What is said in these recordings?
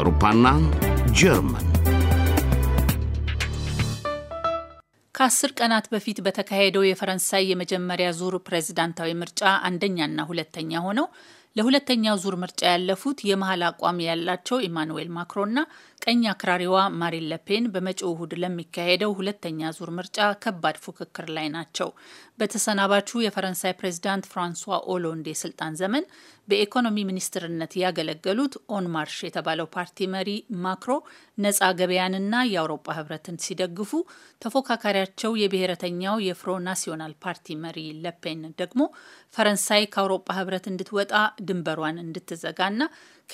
አውሮፓና ጀርመን ከአስር ቀናት በፊት በተካሄደው የፈረንሳይ የመጀመሪያ ዙር ፕሬዝዳንታዊ ምርጫ አንደኛና ሁለተኛ ሆነው ለሁለተኛው ዙር ምርጫ ያለፉት የመሀል አቋም ያላቸው ኢማኑዌል ማክሮንና ቀኝ አክራሪዋ ማሪን ለፔን በመጪው እሁድ ለሚካሄደው ሁለተኛ ዙር ምርጫ ከባድ ፉክክር ላይ ናቸው። በተሰናባቹ የፈረንሳይ ፕሬዚዳንት ፍራንሷ ኦሎንድ የስልጣን ዘመን በኢኮኖሚ ሚኒስትርነት ያገለገሉት ኦንማርሽ የተባለው ፓርቲ መሪ ማክሮ ነጻ ገበያንና የአውሮፓ ህብረትን ሲደግፉ፣ ተፎካካሪያቸው የብሔረተኛው የፍሮ ናሲዮናል ፓርቲ መሪ ለፔን ደግሞ ፈረንሳይ ከአውሮፓ ህብረት እንድትወጣ ድንበሯን እንድትዘጋና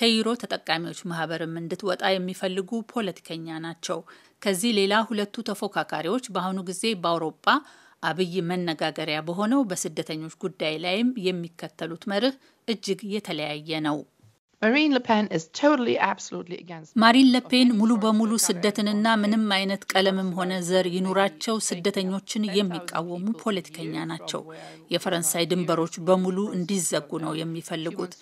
ከዩሮ ተጠቃሚዎች ማህበርም እንድትወጣ የሚፈልጉ ፖለቲከኛ ናቸው። ከዚህ ሌላ ሁለቱ ተፎካካሪዎች በአሁኑ ጊዜ በአውሮፓ አብይ መነጋገሪያ በሆነው በስደተኞች ጉዳይ ላይም የሚከተሉት መርህ እጅግ የተለያየ ነው። ማሪን ለፔን ሙሉ በሙሉ ስደትንና ምንም አይነት ቀለምም ሆነ ዘር ይኑራቸው ስደተኞችን የሚቃወሙ ፖለቲከኛ ናቸው። የፈረንሳይ ድንበሮች በሙሉ እንዲዘጉ ነው የሚፈልጉት።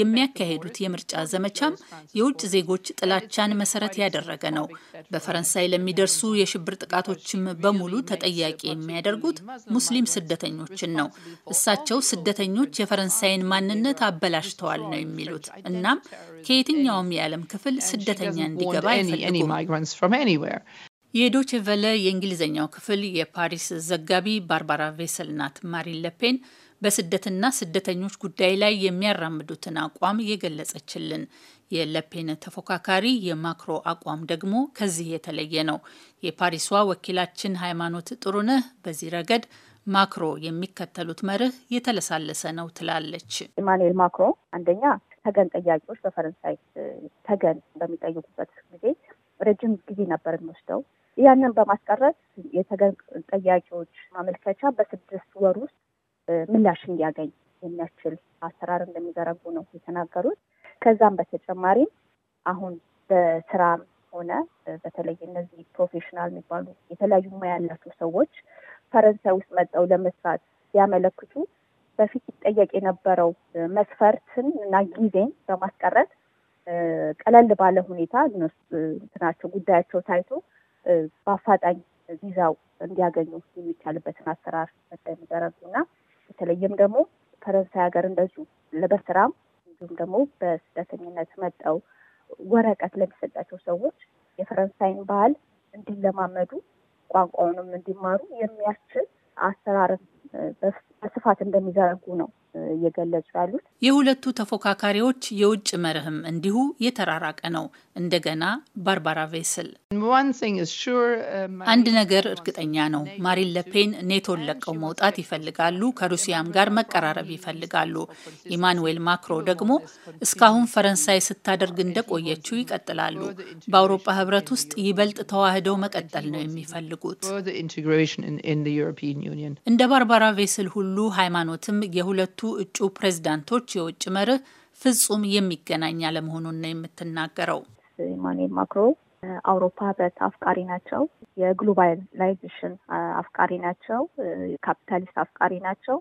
የሚያካሄዱት የምርጫ ዘመቻም የውጭ ዜጎች ጥላቻን መሰረት ያደረገ ነው። በፈረንሳይ ለሚደርሱ የሽብር ጥቃቶችም በሙሉ ተጠያቂ የሚያደርጉት ሙስሊም ስደተኞችን ነው። እሳቸው ስደተኞች የፈረንሳይን ማንነት አበላሽተዋል ነው የሚሉት እናም ከየትኛውም የዓለም ክፍል ስደተኛ እንዲገባ አይፈልጉም። የዶቼ ቨለ የእንግሊዝኛው ክፍል የፓሪስ ዘጋቢ ባርባራ ቬሰል ናት። ማሪን ለፔን በስደትና ስደተኞች ጉዳይ ላይ የሚያራምዱትን አቋም የገለጸችልን የለፔን ተፎካካሪ የማክሮ አቋም ደግሞ ከዚህ የተለየ ነው። የፓሪሷ ወኪላችን ሃይማኖት ጥሩነህ በዚህ ረገድ ማክሮ የሚከተሉት መርህ የተለሳለሰ ነው ትላለች። ኢማኑኤል ማክሮ አንደኛ ተገን ጠያቂዎች በፈረንሳይ ተገን በሚጠይቁበት ጊዜ ረጅም ጊዜ ነበር የሚወስደው። ያንን በማስቀረት የተገን ጠያቂዎች ማመልከቻ በስድስት ወር ውስጥ ምላሽ እንዲያገኝ የሚያስችል አሰራር እንደሚዘረጉ ነው የተናገሩት። ከዛም በተጨማሪም አሁን በስራም ሆነ በተለይ እነዚህ ፕሮፌሽናል የሚባሉ የተለያዩ ሙያ ያላቸው ሰዎች ፈረንሳይ ውስጥ መጠው ለመስራት ሲያመለክቱ በፊት ይጠየቅ የነበረው መስፈርትን እና ጊዜን በማስቀረት ቀለል ባለ ሁኔታ እንትናቸው ጉዳያቸው ታይቶ በአፋጣኝ ቪዛው እንዲያገኙ የሚቻልበትን አሰራር እንደሚደረጉ እና በተለይም ደግሞ ፈረንሳይ ሀገር እንደዚሁ በስራም እንዲሁም ደግሞ በስደተኝነት መጠው ወረቀት ለሚሰጣቸው ሰዎች የፈረንሳይን ባህል እንዲለማመዱ ቋንቋውንም እንዲማሩ የሚያስችል አሰራርን በስፋት እንደሚዘረጉ ነው እየገለጹ ያሉት። የሁለቱ ተፎካካሪዎች የውጭ መርህም እንዲሁ የተራራቀ ነው። እንደገና ባርባራ ቬስል፣ አንድ ነገር እርግጠኛ ነው። ማሪን ለፔን ኔቶን ለቀው መውጣት ይፈልጋሉ፣ ከሩሲያም ጋር መቀራረብ ይፈልጋሉ። ኢማኑዌል ማክሮ ደግሞ እስካሁን ፈረንሳይ ስታደርግ እንደቆየችው ይቀጥላሉ። በአውሮፓ ህብረት ውስጥ ይበልጥ ተዋህደው መቀጠል ነው የሚፈልጉት። እንደ ባርባራ ቬስል ሁሉ ሃይማኖትም የሁለቱ እጩ ፕሬዝዳንቶች የውጭ መርህ ፍጹም የሚገናኝ አለመሆኑን ነው የምትናገረው። ኢማኑኤል ማክሮ አውሮፓ ህብረት አፍቃሪ ናቸው። የግሎባላይዜሽን አፍቃሪ ናቸው። ካፒታሊስት አፍቃሪ ናቸው።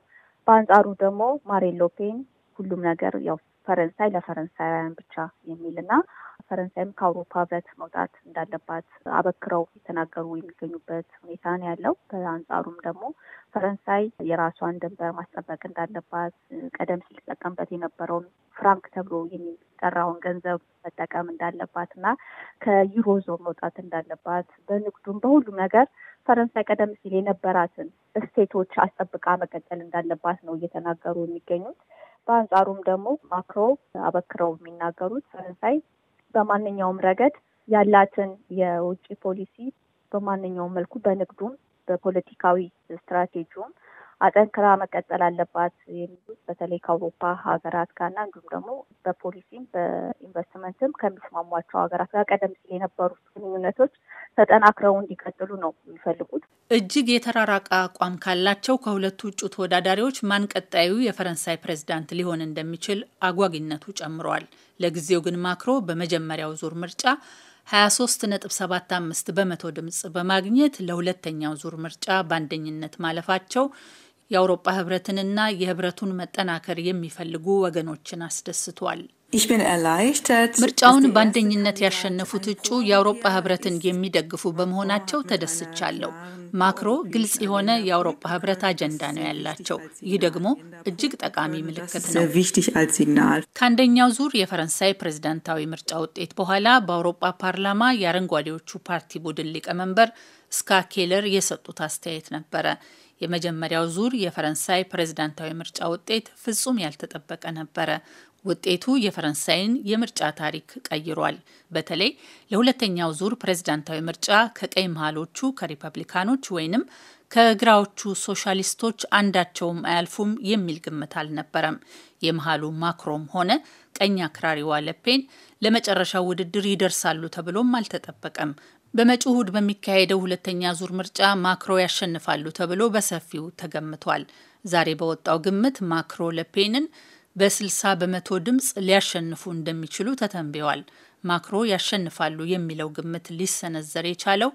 በአንጻሩ ደግሞ ማሪን ሎፔን ሁሉም ነገር ያው ፈረንሳይ ለፈረንሳውያን ብቻ የሚልና ፈረንሳይም ከአውሮፓ ህብረት መውጣት እንዳለባት አበክረው የተናገሩ የሚገኙበት ሁኔታ ነው ያለው። በአንጻሩም ደግሞ ፈረንሳይ የራሷን ድንበር ማስጠበቅ እንዳለባት ቀደም ሲል ተጠቀምበት የነበረውን ፍራንክ ተብሎ የሚጠራውን ገንዘብ መጠቀም እንዳለባት እና ከዩሮዞን መውጣት እንዳለባት በንግዱም በሁሉም ነገር ፈረንሳይ ቀደም ሲል የነበራትን እሴቶች አስጠብቃ መቀጠል እንዳለባት ነው እየተናገሩ የሚገኙት። በአንጻሩም ደግሞ ማክሮ አበክረው የሚናገሩት ፈረንሳይ በማንኛውም ረገድ ያላትን የውጭ ፖሊሲ በማንኛውም መልኩ በንግዱም በፖለቲካዊ ስትራቴጂውም አጠንክራ መቀጠል አለባት የሚሉት በተለይ ከአውሮፓ ሀገራት ጋርና እንዲሁም ደግሞ በፖሊሲም በኢንቨስትመንትም ከሚስማሟቸው ሀገራት ጋር ቀደም ሲል የነበሩት ግንኙነቶች ተጠናክረው እንዲቀጥሉ ነው የሚፈልጉት። እጅግ የተራራቀ አቋም ካላቸው ከሁለቱ እጩ ተወዳዳሪዎች ማን ቀጣዩ የፈረንሳይ ፕሬዝዳንት ሊሆን እንደሚችል አጓጊነቱ ጨምረዋል። ለጊዜው ግን ማክሮ በመጀመሪያው ዙር ምርጫ 23.75 በመቶ ድምፅ በማግኘት ለሁለተኛው ዙር ምርጫ በአንደኝነት ማለፋቸው የአውሮፓ ህብረትንና የህብረቱን መጠናከር የሚፈልጉ ወገኖችን አስደስቷል። ምርጫውን በአንደኝነት ያሸነፉት እጩ የአውሮፓ ህብረትን የሚደግፉ በመሆናቸው ተደስቻለሁ። ማክሮ ግልጽ የሆነ የአውሮፓ ህብረት አጀንዳ ነው ያላቸው። ይህ ደግሞ እጅግ ጠቃሚ ምልክት ነው። ከአንደኛው ዙር የፈረንሳይ ፕሬዝዳንታዊ ምርጫ ውጤት በኋላ በአውሮፓ ፓርላማ የአረንጓዴዎቹ ፓርቲ ቡድን ሊቀመንበር ስካ ኬለር የሰጡት አስተያየት ነበረ። የመጀመሪያው ዙር የፈረንሳይ ፕሬዝዳንታዊ ምርጫ ውጤት ፍጹም ያልተጠበቀ ነበረ። ውጤቱ የፈረንሳይን የምርጫ ታሪክ ቀይሯል። በተለይ ለሁለተኛው ዙር ፕሬዝዳንታዊ ምርጫ ከቀኝ መሃሎቹ ከሪፐብሊካኖች ወይንም ከግራዎቹ ሶሻሊስቶች አንዳቸውም አያልፉም የሚል ግምት አልነበረም። የመሀሉ ማክሮም ሆነ ቀኝ አክራሪዋ ለፔን ለመጨረሻው ውድድር ይደርሳሉ ተብሎም አልተጠበቀም። በመጪው እሁድ በሚካሄደው ሁለተኛ ዙር ምርጫ ማክሮ ያሸንፋሉ ተብሎ በሰፊው ተገምቷል። ዛሬ በወጣው ግምት ማክሮ ለፔንን በ60 በመቶ ድምፅ ሊያሸንፉ እንደሚችሉ ተተንብዋል። ማክሮ ያሸንፋሉ የሚለው ግምት ሊሰነዘር የቻለው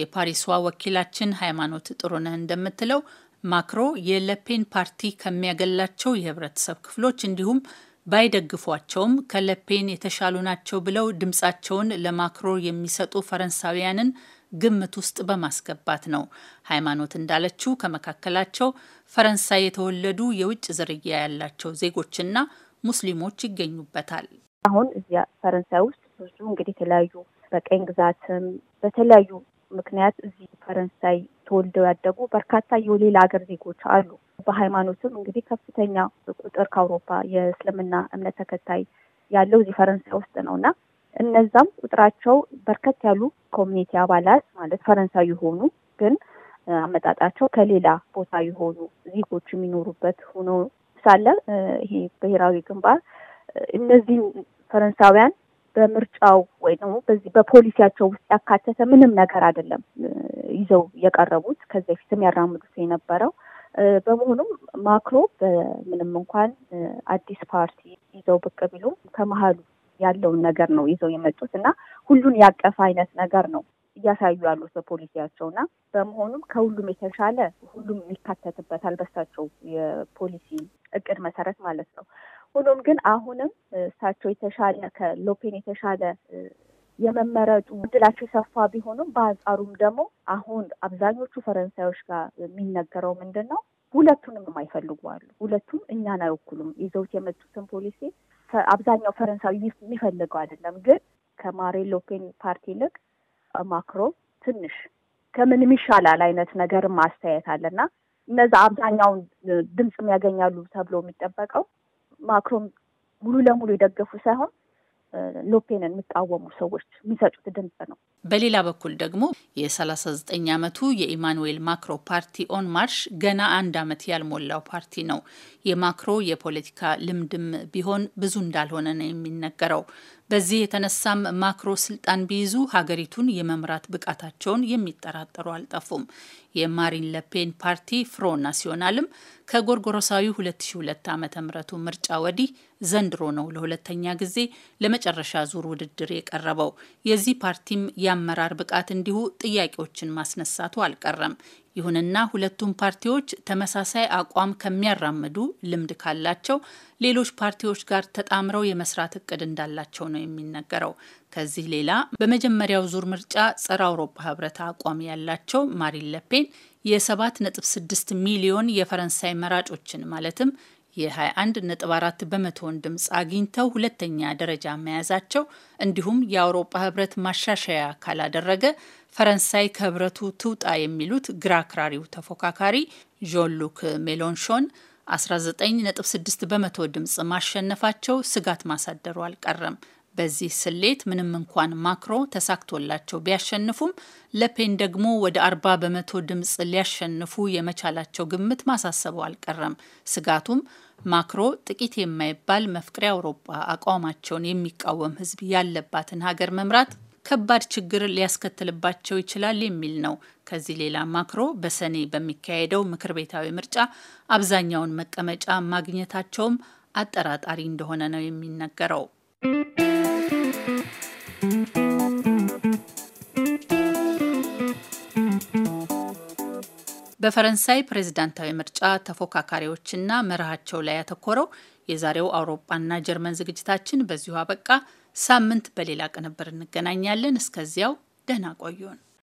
የፓሪሷ ወኪላችን ሃይማኖት ጥሩነህ እንደምትለው ማክሮ የለፔን ፓርቲ ከሚያገላቸው የህብረተሰብ ክፍሎች እንዲሁም ባይደግፏቸውም ከለፔን የተሻሉ ናቸው ብለው ድምፃቸውን ለማክሮ የሚሰጡ ፈረንሳውያንን ግምት ውስጥ በማስገባት ነው። ሃይማኖት እንዳለችው ከመካከላቸው ፈረንሳይ የተወለዱ የውጭ ዝርያ ያላቸው ዜጎችና ሙስሊሞች ይገኙበታል። አሁን እዚያ ፈረንሳይ ውስጥ ብዙ እንግዲህ የተለያዩ በቀኝ ግዛትም በተለያዩ ምክንያት እዚህ ፈረንሳይ ተወልደው ያደጉ በርካታ የሌላ ሀገር ዜጎች አሉ። በሃይማኖትም እንግዲህ ከፍተኛ ቁጥር ከአውሮፓ የእስልምና እምነት ተከታይ ያለው እዚህ ፈረንሳይ ውስጥ ነው እና እነዛም ቁጥራቸው በርከት ያሉ ኮሚኒቲ አባላት ማለት ፈረንሳዊ የሆኑ ግን አመጣጣቸው ከሌላ ቦታ የሆኑ ዜጎች የሚኖሩበት ሆኖ ሳለ ይሄ ብሔራዊ ግንባር እነዚህ ፈረንሳውያን በምርጫው ወይ ደግሞ በዚህ በፖሊሲያቸው ውስጥ ያካተተ ምንም ነገር አይደለም ይዘው የቀረቡት ከዚህ በፊትም ያራምዱት የነበረው። በመሆኑም ማክሮ በምንም እንኳን አዲስ ፓርቲ ይዘው ብቅ ቢሉም ከመሀሉ ያለውን ነገር ነው ይዘው የመጡት እና ሁሉን ያቀፈ አይነት ነገር ነው እያሳዩ ያሉት በፖሊሲያቸው እና በመሆኑም ከሁሉም የተሻለ ሁሉም ይካተትበታል በሳቸው የፖሊሲ እቅድ መሰረት ማለት ነው። ሆኖም ግን አሁንም እሳቸው የተሻለ ከሎፔን የተሻለ የመመረጡ እድላቸው የሰፋ ቢሆንም በአንጻሩም ደግሞ አሁን አብዛኞቹ ፈረንሳዮች ጋር የሚነገረው ምንድን ነው? ሁለቱንም የማይፈልጉ አሉ። ሁለቱም እኛን አይወክሉም፣ ይዘውት የመጡትን ፖሊሲ አብዛኛው ፈረንሳዊ የሚፈልገው አይደለም። ግን ከማሬ ሎፔን ፓርቲ ይልቅ ማክሮ ትንሽ ከምንም ይሻላል አይነት ነገር ማስተያየት አለና እነዛ አብዛኛውን ድምፅም ያገኛሉ ተብሎ የሚጠበቀው ማክሮን ሙሉ ለሙሉ የደገፉ ሳይሆን ሎፔንን የሚቃወሙ ሰዎች የሚሰጡት ድምፅ ነው። በሌላ በኩል ደግሞ የ39 ዓመቱ የኢማኑዌል ማክሮ ፓርቲ ኦን ማርሽ ገና አንድ ዓመት ያልሞላው ፓርቲ ነው። የማክሮ የፖለቲካ ልምድም ቢሆን ብዙ እንዳልሆነ ነው የሚነገረው። በዚህ የተነሳም ማክሮ ስልጣን ቢይዙ ሀገሪቱን የመምራት ብቃታቸውን የሚጠራጠሩ አልጠፉም። የማሪን ለፔን ፓርቲ ፍሮ ናሲዮናልም ከጎርጎሮሳዊ 2002 ዓ.ም ምርጫ ወዲህ ዘንድሮ ነው ለሁለተኛ ጊዜ ለመጨረሻ ዙር ውድድር የቀረበው። የዚህ ፓርቲም የአመራር ብቃት እንዲሁ ጥያቄዎችን ማስነሳቱ አልቀረም። ይሁንና ሁለቱም ፓርቲዎች ተመሳሳይ አቋም ከሚያራምዱ ልምድ ካላቸው ሌሎች ፓርቲዎች ጋር ተጣምረው የመስራት እቅድ እንዳላቸው ነው የሚነገረው። ከዚህ ሌላ በመጀመሪያው ዙር ምርጫ ጸረ አውሮፓ ህብረት አቋም ያላቸው ማሪን ለፔን የ7.6 ሚሊዮን የፈረንሳይ መራጮችን ማለትም የ21.4 በመቶን ድምፅ አግኝተው ሁለተኛ ደረጃ መያዛቸው እንዲሁም የአውሮፓ ህብረት ማሻሻያ ካላደረገ ፈረንሳይ ከህብረቱ ትውጣ የሚሉት ግራ አክራሪው ተፎካካሪ ዦን ሉክ ሜሎንሾን 19.6 በመቶ ድምፅ ማሸነፋቸው ስጋት ማሳደሩ አልቀረም። በዚህ ስሌት ምንም እንኳን ማክሮ ተሳክቶላቸው ቢያሸንፉም ለፔን ደግሞ ወደ 40 በመቶ ድምፅ ሊያሸንፉ የመቻላቸው ግምት ማሳሰበው አልቀረም። ስጋቱም ማክሮ ጥቂት የማይባል መፍቅሬ አውሮፓ አቋማቸውን የሚቃወም ህዝብ ያለባትን ሀገር መምራት ከባድ ችግር ሊያስከትልባቸው ይችላል የሚል ነው። ከዚህ ሌላ ማክሮ በሰኔ በሚካሄደው ምክር ቤታዊ ምርጫ አብዛኛውን መቀመጫ ማግኘታቸውም አጠራጣሪ እንደሆነ ነው የሚነገረው። በፈረንሳይ ፕሬዝዳንታዊ ምርጫ ተፎካካሪዎችና መርሃቸው ላይ ያተኮረው የዛሬው አውሮፓና ጀርመን ዝግጅታችን በዚሁ አበቃ። ሳምንት በሌላ ቅንብር እንገናኛለን። እስከዚያው ደህና ቆዩን።